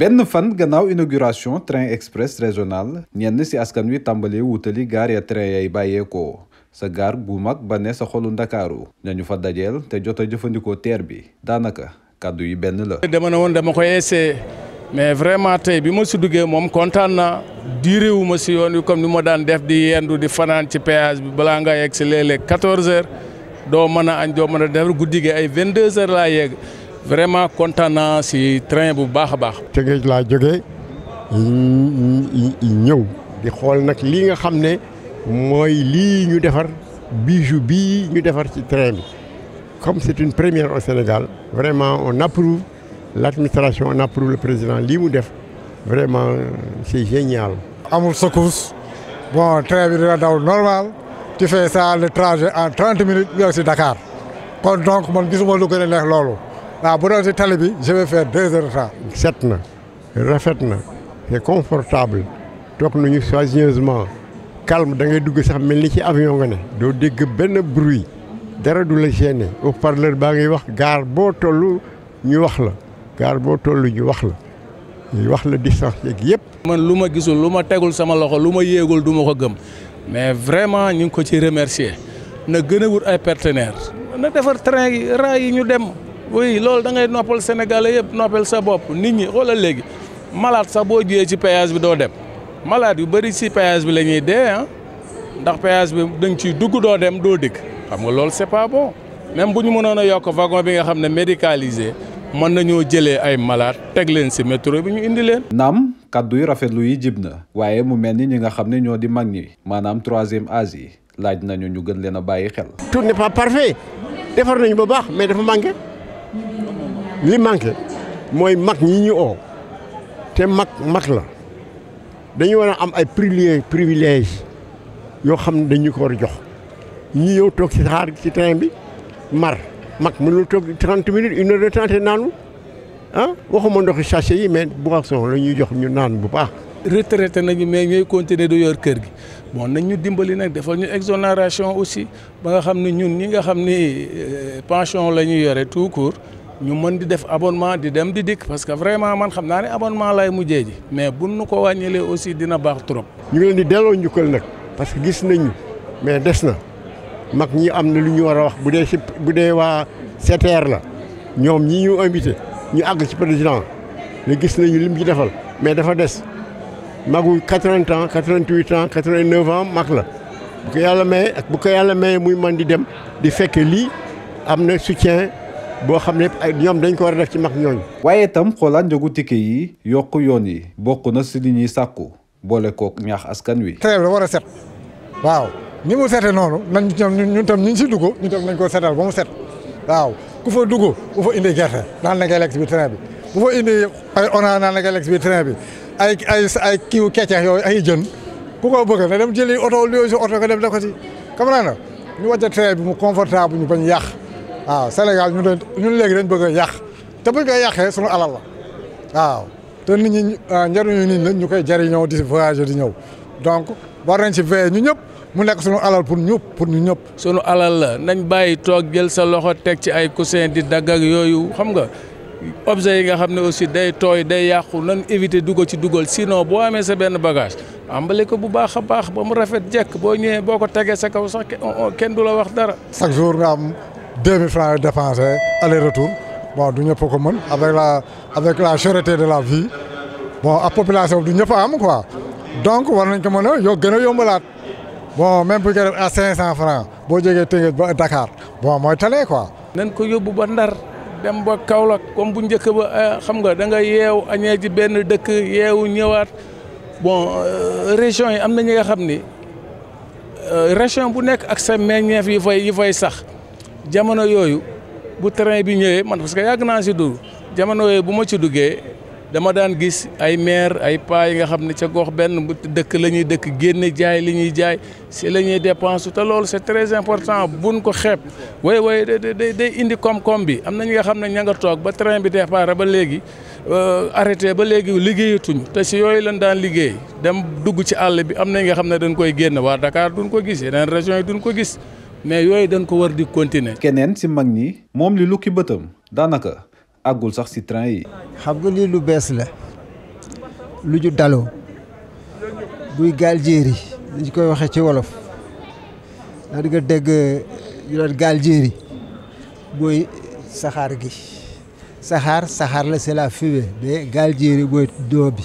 benn fan gannaaw inauguration train express regional ñenn ci askan tambali wuteli wutali gaar ya train yay bàyyeekoo sa gar gumak bane ba ne sa xolu ndakaaru nañu fa dajeel te jota a jëfandikoo teer bi daanaka kàddu yi ben la. dama na woon dama koy essayer mais vraiment tey bi ma si mom moom kontaan na diirewu ma si yoon wi comme ni ma def di yendu di fanan ci péage bi balaa nga yegg si léeg-léeg 14 heures doo mën a añ doo def guddi ay 22 yegg. vraiment contente naa si train bu baax a baax. Tëngéej laa jógee ñëw di xol nak li nga xam moy li ñu défar bijou bi ñu défar ci train bi comme c'est une première au Sénégal vraiment on approuve l'administration on approuve le président li mu def vraiment c'est génial. amul secousse bon train bi dina daw normal tu fais ça le trajet en 30 minutes bi aussi Dakar kon donc man gisuma lu gën a neex waaw bu doon si bi je vais faire deux heures de temps. set na rafet confortable. c'est confortable nous nous soigneusement calme da ngay dugg sax mel ni ci avion nga ne doo dégg benn bruit dara du la gêné Au parleur baa ngi wax gaar boo toll ñu wax la gaar boo ñu wax la ñu wax la distance yeeg yëpp. man lu ma gisul lu ma tegul sama loxo lu ma yéegul du ko gëm mais vraiment nous ngi ko ci remercier na gën a wut ay partenaires na defar train yi ñu dem. oui loolu da ngay noppal sénégalais yëpp noppal sa bopp nit ñi xoolal léegi malaat sax boo jiyee ci péage bi doo dem malaat yu bëri ci péage bi la ñuy dee ah ndax péage bi da nga ciy dugg doo dem doo dikk xam nga lool c'est pas bon même bu ñu mënoon a yokk wagon bi nga xam ne médicalisé mën nañoo jëlee ay malaat teg leen si métro bi ñu indi leen. naam kaddu yu rafetlu yi jib na waaye mu mel ni ñi nga xam ne ñoo di mag ñi maanaam troisième âge yi laaj nañu ñu gën leen a bàyyi xel. tout li manqué mooy mag ñi ñu oo te mag mag la dañu war a am ay privilège privilège yoo xam ne dañu ko war a jox ñi yow toog ci xaar ci train bi mar mag mënul toog 30 minutes une heure de temps naanu ah waxuma ndoxi sachet yi mais boisson la ñuy jox ñu naan bu baax. retraité nañu mais ñooy continuer de yor kër gi bon nañ ñu dimbali nag defal ñu exonération aussi ba nga xam ne ñun ñi nga xam ni euh, pension la ñu yore tout court. ñu mën di def abonnement di dem di dikk parce que vraiment man xam naa ne abonnement lay mujjee ji mais bu nu ko wàññilee aussi dina baax trop. ñu ngi leen di delloo njukkal nag parce que gis nañu mais des na mag ñi am na lu ñu war a wax bu dee si bu dee waa CTR la ñoom ñi ñu invité ñu àgg ci président la gis nañu lim ci defal mais dafa des magu 80 ans 88 ans 89 ans mag la bu ko yàlla maye ak bu ko yàlla maye muy man di dem di fekke lii am na soutien. boo xam ne ay ñoom dañ ko war a def ci mag ñooñu. waaye itam xoolaan njëgu ticket yi yokk yoon yi bokk na si li ñuy sàkku boole kook ñaax askan wi. terew la war a set waaw ni mu sete noonu nañ ñoom ñun tam ñu ngi si dugg ñu tam nañ ko setal ba mu set waaw ku fa dugg ku fa indi gerte naan na ngay lekk si biir bi bu fa indi ay ona naan na ngay lekk si biir bi ay ay ay kiiw yooyu ay jën ku ko bëgg na dem jëli oto lu oto nga dem def ko si xam naa na ñu wàcc train bi mu confortable ñu yàq. waaw Sénégal ñu ñun léegi dañ bëgg a yàq te buñ koy yàqee suñu alal la waaw te nit ñu njëriñu nit la ñu koy jëriñoo di voyager di ñëw donc war nañ ci veiller ñu ñëpp mu nekk suñu alal pour ñëpp pour ñu ñëpp. suñu alal la nañ bàyyi toog jël sa loxo teg ci ay coussin di dagg yooyu xam nga. objet yi nga xam ne aussi day tooy day yàqu nan éviter duggo ci dugal sinon boo amee sa benn bagage ambale ko bu baax a baax ba mu rafet jekk boo ñëwee boo ko tegee sa kaw sax oh, oh, kenn du la wax dara. chaque jour nga am 2000 francs de aller-retour bon du ñëpp ko mën avec la avec la cherté de la vie bon ak population du ñëpp am quoi donc war nañ ko mën a yo gën a bon même pour ñu koy à 500 francs boo jógee Tëngéej ba Dakar bon mooy tane quoi. nañ ko yóbbu ba Ndar dem ba Kaolack comme bu njëkk ba eh, xam nga da nga yeew añee ji benn dëkk yeewu ñëwaat bon euh, région yi am na ñi nga xam ni euh, région bu nekk ak sa meññeef yi fay yi fay sax. jamono yooyu bu train bi ñëwee man parce que yàgg naa si dugg jamono yooyu bu ma ci duggee dama daan gis ay maire ay paa yi nga xam ne ca gox benn dëkk la ñuy dëkk génne jaay li ñuy jaay si la ñuy dépense te loolu c'est très important bu buñ ko xeeb way way day day indi koom-koom bi am na ñu nga xam ne ña nga toog ba train bi départ ba léegi euh, arrêté ba léegi liggéeyatuñu te si yooyu lañ daan liggéey dem dugg ci àll bi am na ñi nga xam ne dañ koy génn waa Dakar ko gis yeneen régions yi duñ ko gis mais yooyu dañ ko war di continuer. keneen si mag ñi moom li lukki bëtam daanaka àggul sax si train yi. xam nga lii lu bees la lu ju daloo buy gaal jéeri li ñu koy waxee ci wolof da nga dégg saxaar gi saxaar saxaar la c'est la fumée mais gaal jéeri booy doo bi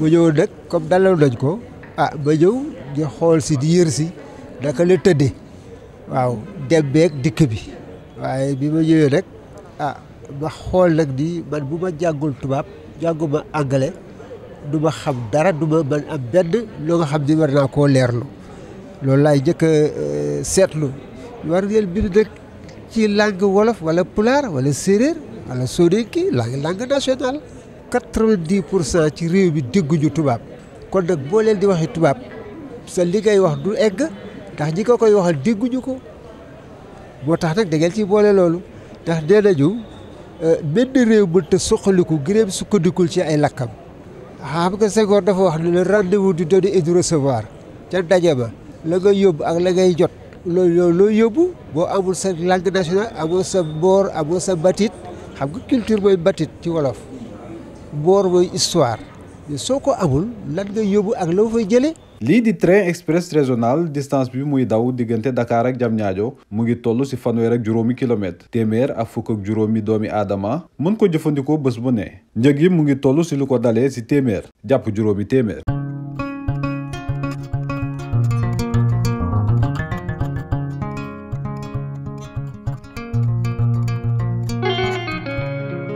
ba ñëw nag comme dalal dañ ko ah ba ñëw di xool si di yër si naka la tëddee. waaw dem beeg dikk bi waaye bi ma ñëwee rek ah ma xool nag ni man bu ma jàggul tubaab jànguma anglais du ma xam dara du ma man am benn loo nga xam ni war naa koo leerlu loolu laay njëkk a euh, seetlu war ngeen bind rek ci langue wolof wala pulaar wala séeréer wala soninke langue langue nationale quatre vingt pour cent ci réew mi dégguñu tubaab kon nag boo leen di waxi tubaab sa li ngay wax du egg ndax ji ko koy waxal dégguñu ko boo tax nag da ci boole loolu ndax dee nañu euh, benn réew mënta suqaliku gëréem sukkandikul ci ay lakkam xaa xam nga Senghor dafa wax ne le di vous du donner recevoir ca daje ba la ngay yóbbu ak la ngay jot loolu loolu loo yóbbu boo amul sa langue nationale amoo sa boor amoo sa batit xam nga culture mooy batit ci wolof boor mooy histoire soo ko amul lan nga yóbbu ak la fay jëlee. lii di train express régional distance bi muy daw diggante Dakar ak Diamniadio mu ngi toll ci fanweer ak juróomi kilomètre téeméer ak fukk ak juróomi doomi aadama mën ko jëfandikoo bés bu ne njëg yi mu ngi toll ci lu ko dalee ci téeméer jàpp juróomi téeméer.